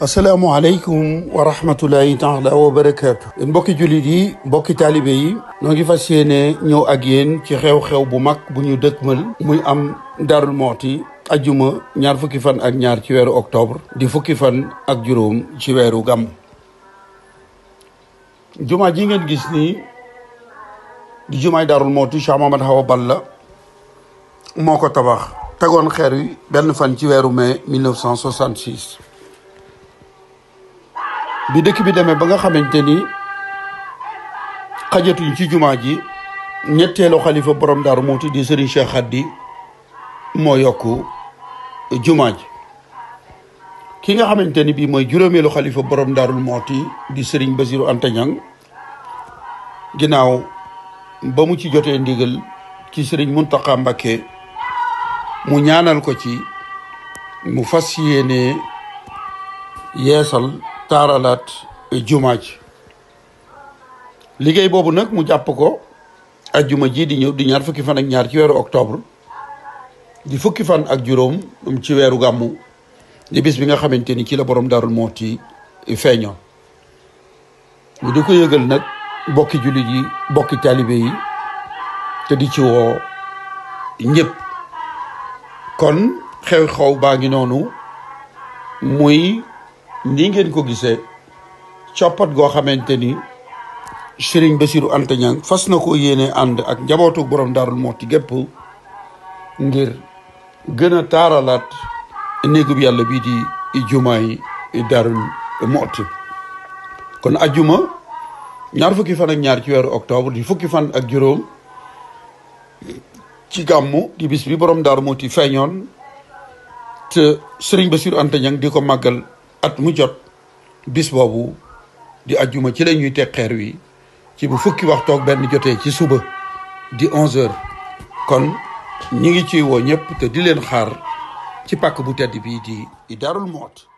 asalaamaaleykum wa rahmatullahi taala wa barakaatu mbokki jullit yi mbokki taalibe yi ñoo ngi fas yéene ñëw ak yéen ci xew-xew bu mag bu ñu dëkkmal muy am Darou Mouhty ajjuma ñaar ci weeru octobre di fukki fan ak juróom ci weeru gàmm jumaa ji ngeen gis nii di jumaay daarul mooti Cheikh Mahamad Hawa Balla moo ko tabax tegoon xeer wi benn fan ci weeru mai 1966 bi dëkk bi demee ba nga xamante ni xajatuñ ci jumaa ji ñetteelu xalifa borom daaru mooti di Serigne Cheikh Khady moo yokk jumaa ji ki nga xamante ni bii mooy juróomeelu xalifa borom daarul mooti di sëriñ Bassirou Anta Niang ginnaaw ba mu ci jotee ndigal ci Serigne Mountakha Mbacké mu ñaanal ko ci mu fas yéene yeesal taaralaat jumaa ji liggéey boobu nag mu jàpp ko ajjuma jii di ñëw di ñaar fukki fan ak ñaar ci weeru octobre di fukki fan ak juróom ci weeru gàmmu libis bi nga xamante ni ci la borom daarul mooti feeñoon ñu di ko yëgal nag bokki jullit yi bokki taalibe yi te di ci woo ñëpp kon xew-xew baa ngi noonu muy ni ngeen ko gisee coppat goo xamante ni Serigne Bassirou Anta fas na ko yéene ànd ak njabootu borom daarul mooti gépp ngir gën a taaralaat néegub yàlla bii di jumaay Daarul Muhti kon ajjuma ñaar fukki fan ak ñaar ci weeru octobre di fukki fan ak juróom ci gàmmu di bis bi borom Daaru Muhti feeñoon te Serigne Bassirou Anta Niang di ko màggal at mu jot bis boobu di ajjuma ci la ñuy teg wi ci bu fukki waxtoog benn jotee ci suba di 11 heures kon ñi ngi ciy woo ñëpp te di leen xaar ci pàkk bu tedd bii di Darou Mouhty